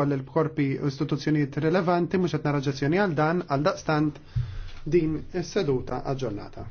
koll il-korpi u istituzzjonijiet rilevanti mhux qed naraġazzjoni għal dan għal daqstant din is-seduta aġġornata.